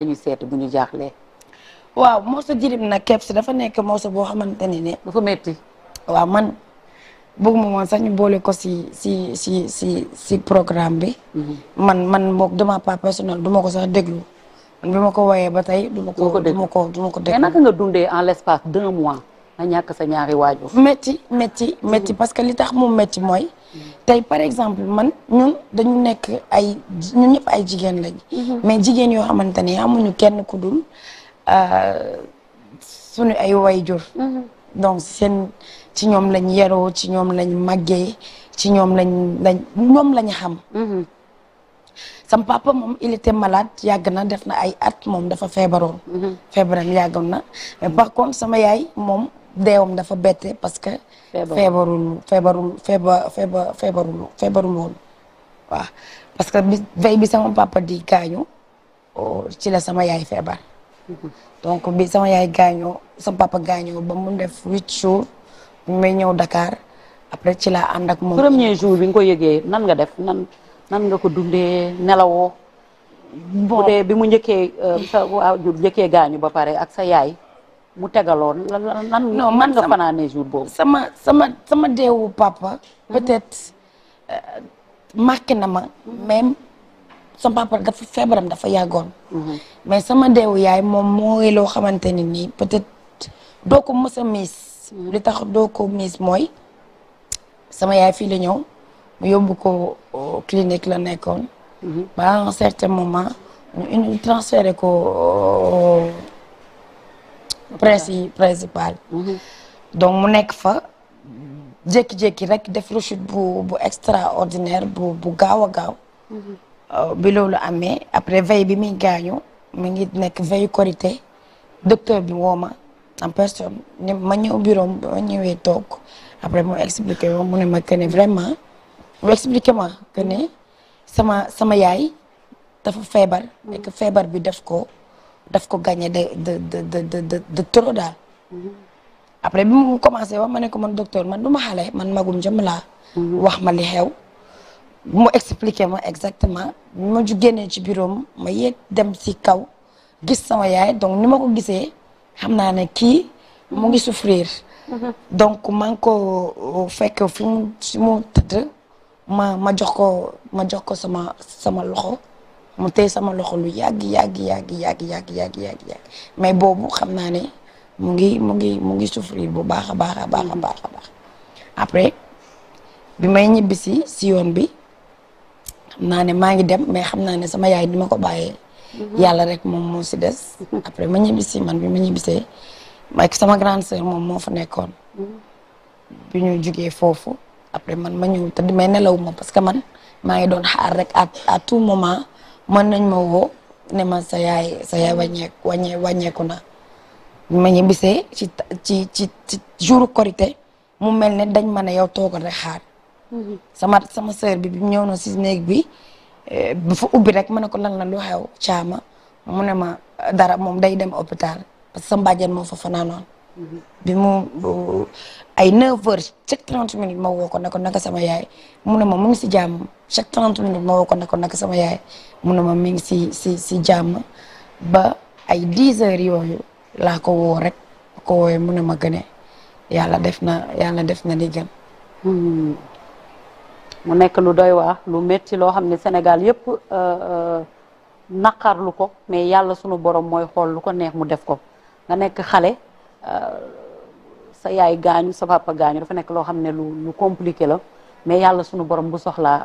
dañu seet bu ñu jaaxlee. waaw moosa jirim nag Kebs dafa nekk moosa boo xamante ne ne. dafa metti waaw man bëgguma woon sax ñu boole ko si si si si si programme bi. Mm-hmm. man man mook demaa ma part personnelle du ko sax déglu. man bi ma ko woyee ba tey duma ko. du ma ko déglu du ko déglu mais naka nga dundee en l' espace d' nga ñàkk sa ñaari waajur. métti métti métti parce que li tax mu métti mooy. tey par exemple man ñun dañu nekk ay ñun ñëpp ay jigéen lañ. Mhm. mais jigéen yoo xamante ne amuñu kenn ku dul euh, suñu ay waajur. Mhm. donc seen ci ñoom lañ yeroo ci ñoom lañ màggee ci ñoom lañ lañ ñoom lañ xam. Mhm. sam papa moom il était malade yàgg na def na ay at moom dafa feebaroon. feebaram yàggoon na mais par contre sama yaay moom deewam dafa bette parce que. feebarul feebarul feebar feebar feebarul feebarul woon waaw parce que bi bi sama papa di gaañu oh, ci la sama yaay feebar. donc bi sama yaay gaañoo sama papa gaañoo ba mu def huit jours may ñëw Dakar après ci laa ànd ak moom. premier jour bi nga ko yëgee nan nga def nan nan nga ko dundee nelawoo. bon dee bi mu njëkkee euh, sa njëkkee gaañu ba pare ak sa yaay. mu tegaloon lan lan man nga fanaanee jour boobu. sama sama sama deewu papa. Mhm. peut-être euh, marqué na ma. Mhm. même sama papa dafa feebaram dafa yàggoon. Mhm. mais sama deewu yaay moom mooy loo xamante ni nii peut-être doo ko mës a miis. li tax doo ko miis mooy sama yaay fii la ñëw mu yóbbu ko euh, clinique la nekkoon. ba un certain moment ñu transféré ko. Euh, presse yi principal donc mu nekk fa jékki-jékki rek def rechute bu bu extraordinaire bu bu gaaw a gaaw euh, bi loolu amee après veille bi muy gaañu mu ngi nekk veille korité docteur bi woo ma en personne ma ñëw bureau ma ñëwee toog après mu expliqué woo mu ne ma que ne vraiment mu expliqué ma que ne sama sama yaay dafa feebar. et feebar bi def ko. daf ko gagné de de de de de de après bi mu commencé wax ma ne ko man docteur man du ma xale man magum jëm laa. wax ma li xew. mu expliqué ma exactement ma ju génnee ci biroom ma yéeg dem si kaw gis sama yaay donc ni ma ko gisee xam naa ne kii mu ngi souffrir. donc maa ngi ko euh, fekk fi mu fi mu ma ma jox ko ma jox ko sama sama loxo. mu téye sama loxo lu yàgg yàgg yàgg yàgg yàgg yàgg yàgg yàgg mais boobu xam naa ne mu ngi mu ngi mu ngi souffrir bu baax a baax a baax a baax a baax après bi may ñibbisi si yoon bi xam naa ne maa ngi dem mais xam naa ne sama yaay dima ko bàyyee. Mhm. yàlla rek moom moo si des. après ma ñibbisi man bi ma ñibbisee ak sama grande moom moo fa nekkoon. Mhm. bi ñu foofu après man ma ñëw te di may nelaw ma parce que man maa ngi doon tout moment. mën nañ ma woo ne ma sa yaay sa yaay wàññeeku wàññee wàññeeku na ma ñibbisee ci ci ci ci jour korité mu mel ne dañ ma ne yow toogal rek xaar mhm. sama sama sœur bi bi ñëw na si néeg bi eh, bu fa ubbi rek ma ne ko lan la lu xew caama mu ne ma dara moom day dem hôpital parce que sa mbàjjen moo fa fanaanoon bi mu ay 9 heures chaque 30 minutes ma woo ko naka sama yaay mu ne ma mu ngi si jàmm chaque 30 minutes ma woo ko ko naka sama yaay mu ne ma mi ngi si si si jàmm ba ay 10 heures yooyu laa ko woo rek ko woowee mu ne ma gëne yàlla def na yàlla def na li gën. Hmm. mu nekk lu doy waar lu métti loo xam ne Sénégal yëpp euh, euh, naqarlu ko mais yàlla sunu borom mooy xool lu ko neex mu def ko nga nekk xale. Euh, sa yaay gaañu sa papa gaañu dafa nekk loo xam ne lu lu compliqué la mais yàlla sunu borom bu soxlaa